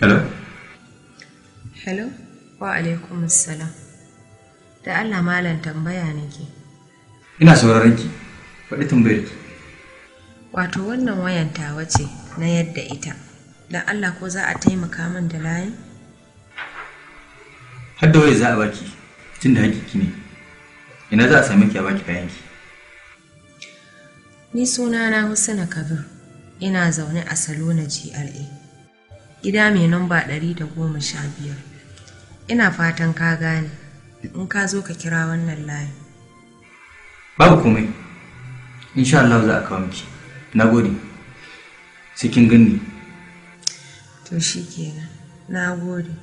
hello hello wa alaikum assalam da Allah malam tambaya nake ina sauraron ki faɗi tambayar ki wato wannan wayan tawa ce na yadda ita da Allah ko za a taimaka min da layi? har da waya za a baki tun da hakiki ne ina za a sami ki a baki kayan ki ni sunana Husna Kabir ina zaune a Salona GRA gida mai namba ɗari da goma sha biyar ina fatan ka gane in ka zo ka kira wannan layin babu komai insha Allah za a kawo miki na gode sai kin ganni to shikenan na gode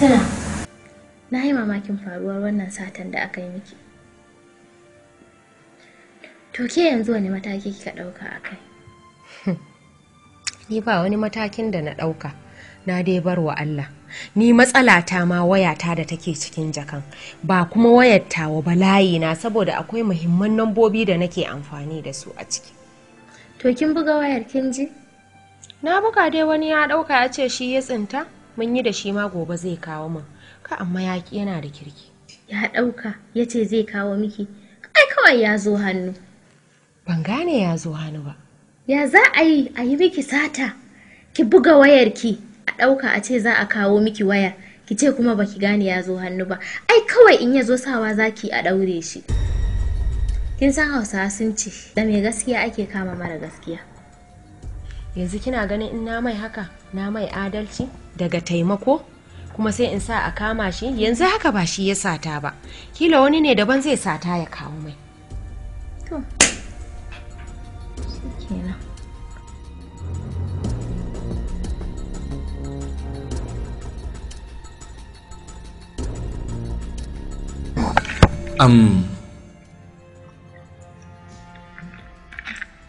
Hafsana, na yi mamakin faruwar wannan satan da aka yi miki. To ke yanzu wani mataki kika ɗauka a kai? Ni ba wani matakin da na ɗauka, na dai bar wa Allah. Ni matsalata ma wayata da take cikin jakan, ba kuma ta wa bala'i na saboda akwai muhimman nambobi da nake amfani da su a ciki. To kin buga wayar kin ji? Na buga dai wani ya ɗauka ya ce shi ya tsinta? mun yi da shi ma gobe zai kawo min ka amma yana da kirki ya ɗauka ya ce zai kawo miki ai kawai ya zo hannu ban gane ya zo hannu ba ya za a yi a yi miki sata ki buga wayarki a ɗauka a ce za a kawo miki waya ki ce kuma baki gane ya zo hannu ba ai kawai in ya zo sawa zaki a ɗaure shi kin san hausawa sun ce da mai gaskiya ake kama mara gaskiya yanzu kina ganin in na mai haka na mai adalci daga taimako kuma sai in sa a kama shi yanzu haka ba shi ya sata ba kila wani ne daban zai sata ya kawo mai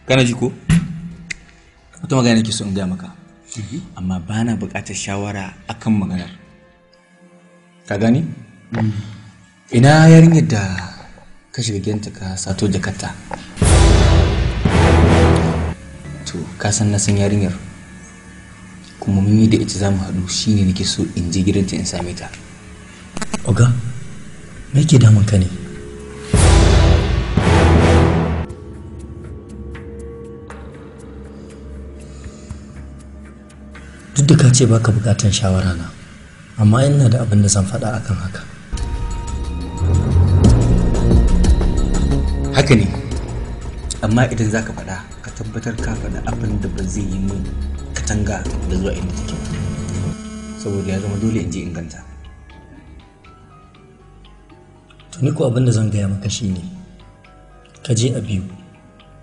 kana ji ko? ta magana ke so in gaya maka mhm. amma ba na buƙatar shawara a kan maganar ka gani mhm. ina yarinyar da ka shiga gidanta ka sato jakarta to ka san na san yarinyar kuma mun yi da ita za mu haɗu shine nake so in je gidanta in same ta oga me ke damun ka ne duk da ka ce baka bukatan shawara na amma ina da abin da zan faɗa akan haka haka ne amma idan zaka faɗa ka tabbatar ka faɗa abin da ba zai yi min katanga da zuwa inda take saboda ya zama dole in je inganta tuni ko abin da zan gaya maka shine ka je a biyu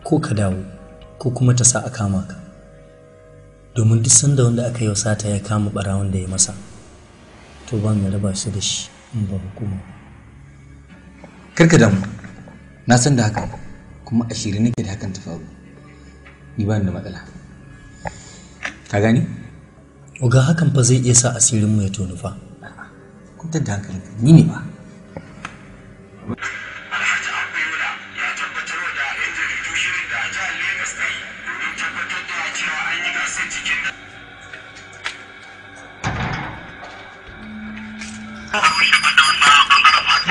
ko ka dawo ko kuma ta sa a kama ka domin duk sanda wanda aka yi sata ya kama barawon da ya masa to ba mai raba shi da shi in ba hukuma karka damu na san da haka kuma a shirin nake da hakan ta faru ni ba ni da matsala ka gani ga hakan fa zai iya sa asirin mu ya tonufa kuntar da hankali ni ne ba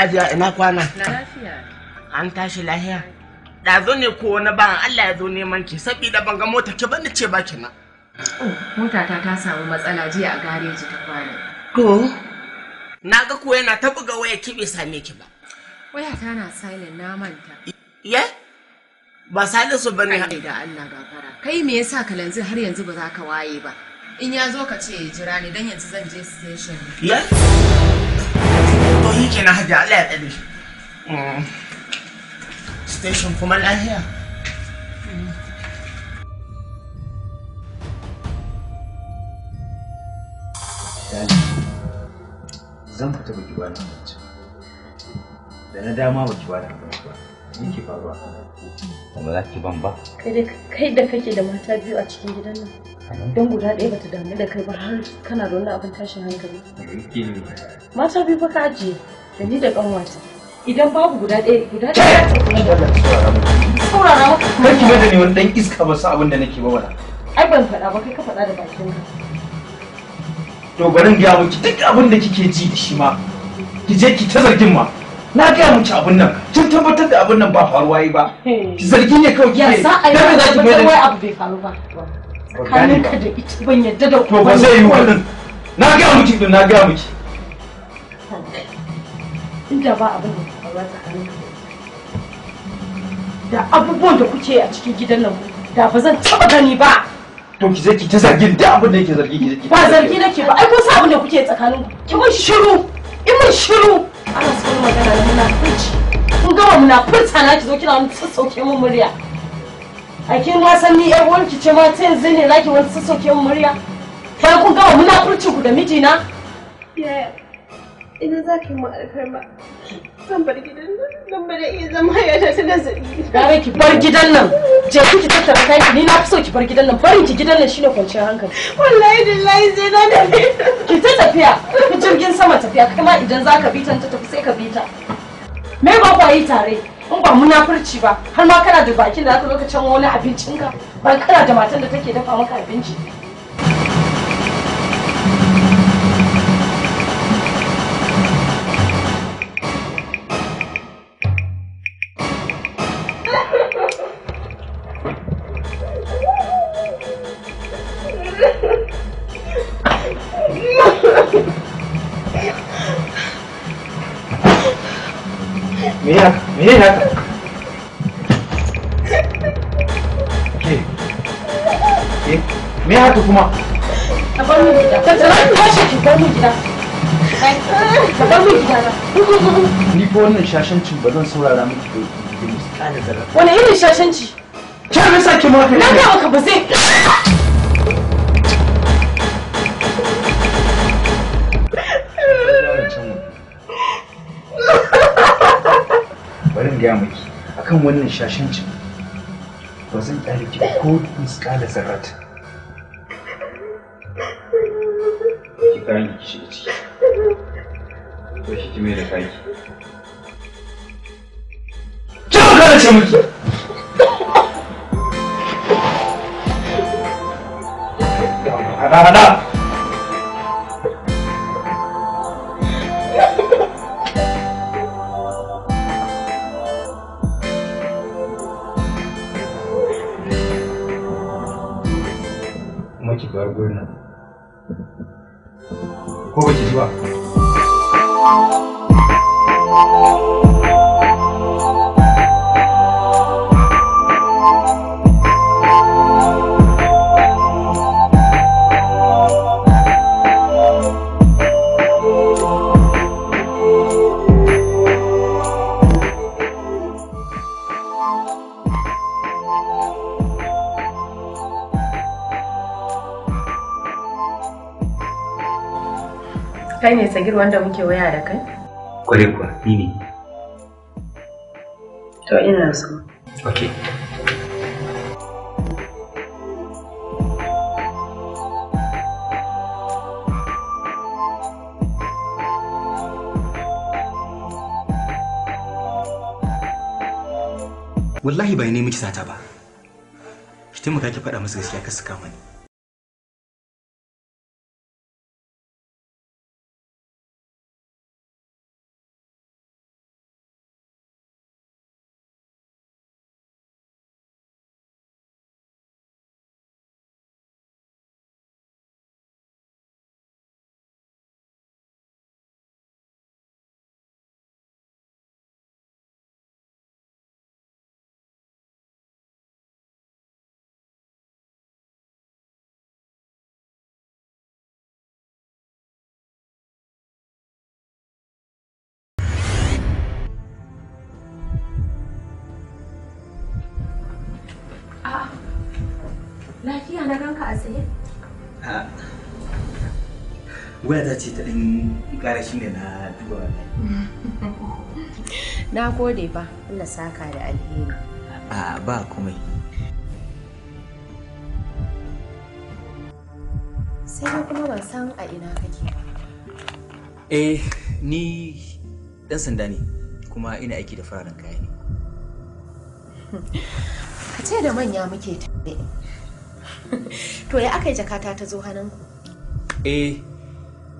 Hajiya ina kwana? An tashi lahiya. zo ne ko wani ban Allah ya zo neman ki saboda ban ga mota ki bani ce ba ki nan. Oh, mota ta ta samu matsala jiya a gareji ta kwana. To? Na ga ko yana ta buga waya ki bai same ki ba. Waya ta na silent na manta. Ye? Ba Salisu ba ne. ha. da Allah gafara. Kai me yasa ka lanzu har yanzu ba za ka waye ba? In ya zo ka ce jira ni dan yanzu zan je station. Ye? shi na hajji Allah ya tsare shi mm. station kuma lahiya zan fita ba ki bani mace da na dama ba ki bani mace ba ni ki faruwa kuma za ban ba kai da kake da mata biyu a cikin gidan nan don guda ɗaya bata damu da kai ba har kana da wani abin tashin hankali mata biyu fa ka ajiye da ni da ƙanwata idan babu guda ɗaya guda ɗaya ta kuma da saurara maka kar ki bada ne wani ɗan iska ba su abin da nake ba wala ai ban faɗa ba kai ka faɗa da bakin ka to bari in gaya miki duk abin da kike ji da shi ma ki je ki ta zargin ma na gaya miki abin nan kin tabbatar da abin nan ba faruwa yi ba ki zargi ne kawai ki ne ya sa a yi wai abu bai faru ba tsakaninka da ita ban yadda da to ba zai yi wannan na ga miki din na ga miki inda ba abin da ka faruwa tsakaninka da abubuwan da kuke a cikin gidan nan da ba zan taba gani ba to ki zai ki ta zargin da abin da yake zargi ki zai ba zargi nake ba ai kun sa abin da kuke tsakanin ki mun shiru in mun shiru ana son magana da muna furci kun gama muna furta ki zo kina mun sassauke mun murya a kin ma san ni yan uwanki ce ma ta yanzu ne zaki wani sassauke ke murya bayan kun gama furci ku da mijina yaya idan za ki mu alfarma zan bar gidan nan zan bar iya zama ya da tana zabi gara ki bar gidan nan je ku ki tattara kayan ni na fi so ki bar gidan nan barin ki gidan nan shine kwanciyar hankali wallahi dillahi zai na da ki ta tafiya ki jirgin sama tafiya kuma idan za ka bi ta tafi sai ka bi ta me ba ku yi tare in ba munafurci ba har ma kana da bakin da zaka lokacin wani ka ba kana da matan da take dafa maka abinci Yeah. ne haka ke ke me haka kuma ka bar gida ka bar mu gida ka bar mu gida ni ko wannan shashancin ba zan saurara miki ba wani irin shashanci ke me sa ki ma ka na ga maka ba zai gaya miki akan wannan shashin shashancin ba zan ƙyale ki ko misƙala zarrat ki kayan ki shi ciki to shi ki mai da kaki ki magana ce miki Ha ha ha! Kai ne Sagir wanda muke waya da kai? Kware kuwa, ni ne. To ina so. Okay. wallahi bai nemi miki sata ba ki ka ki faɗa musu gaskiya ka suka mani Lafiya na ganka a tsaye? Waya ta ce ta ɗan ƙara shi ne na duba Na gode ba, Allah saka da alheri. A ba komai. Sai na kuma ban san a ina kake ba. Eh, ni dan sanda ne, kuma ina aiki da fararen kaya ne. Ka ce da manya muke tare. to ya aka yi jakata ta zo hannunku eh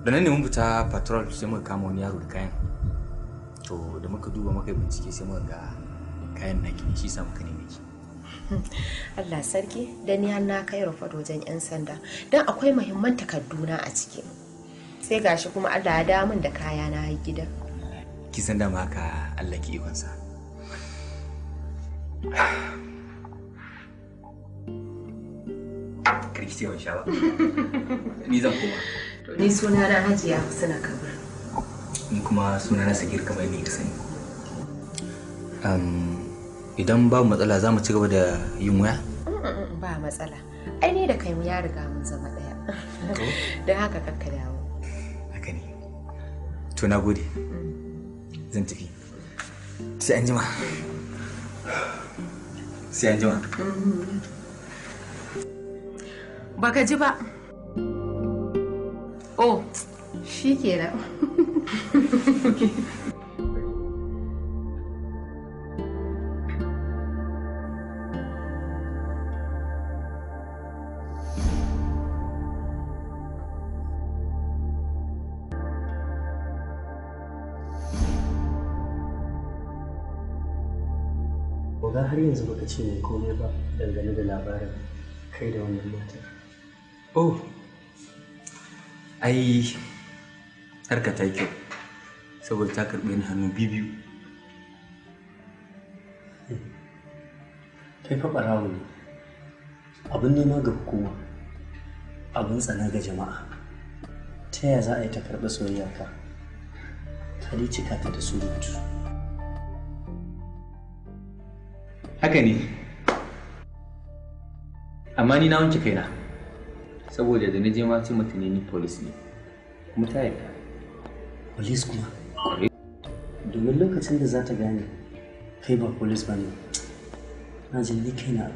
da nan ne mun fita patrol sai muka kama wani yaro da kayan to da muka duba muka yi bincike sai muka ga kayan na kine, shi sa muka ne ki Allah sarki da ni har na kai rufa wajen yan sanda dan akwai muhimman takarduna a ciki sai gashi kuma Allah ya da min da kaya na gida ki sanda da maka Allah ki ikonsa kirkice ban sha ba ni zan koma ni suna na hajiya suna kabar ni kuma suna na sagir kamar ne ka sani idan ba matsala za mu ci gaba da yin waya mm, ba matsala ai ne da kai mu ya riga mun zama daya don haka kakka dawo haka ne to na gode zan tafi sai an jima mm. sai an jima mm-hmm. baka ji ba oh shi ke kenan har yanzu baka ce mai komai ba dangane da labarin kai da wannan matar oh ai harka ta kyau saboda ta karɓi ni hannu biyu kai fa ɓarawo ne abin nema ga hukuma abin tsana ga jama'a ta yaya za a yi ta karɓi soyayya ka kali cika ta da surutu haka ne amma ni na wanke kaina saboda da na je ma ce mata ne ni polis ne kuma ta yarda polis kuma domin lokacin da za ta gane kai ba polis ba ne na jin ni kaina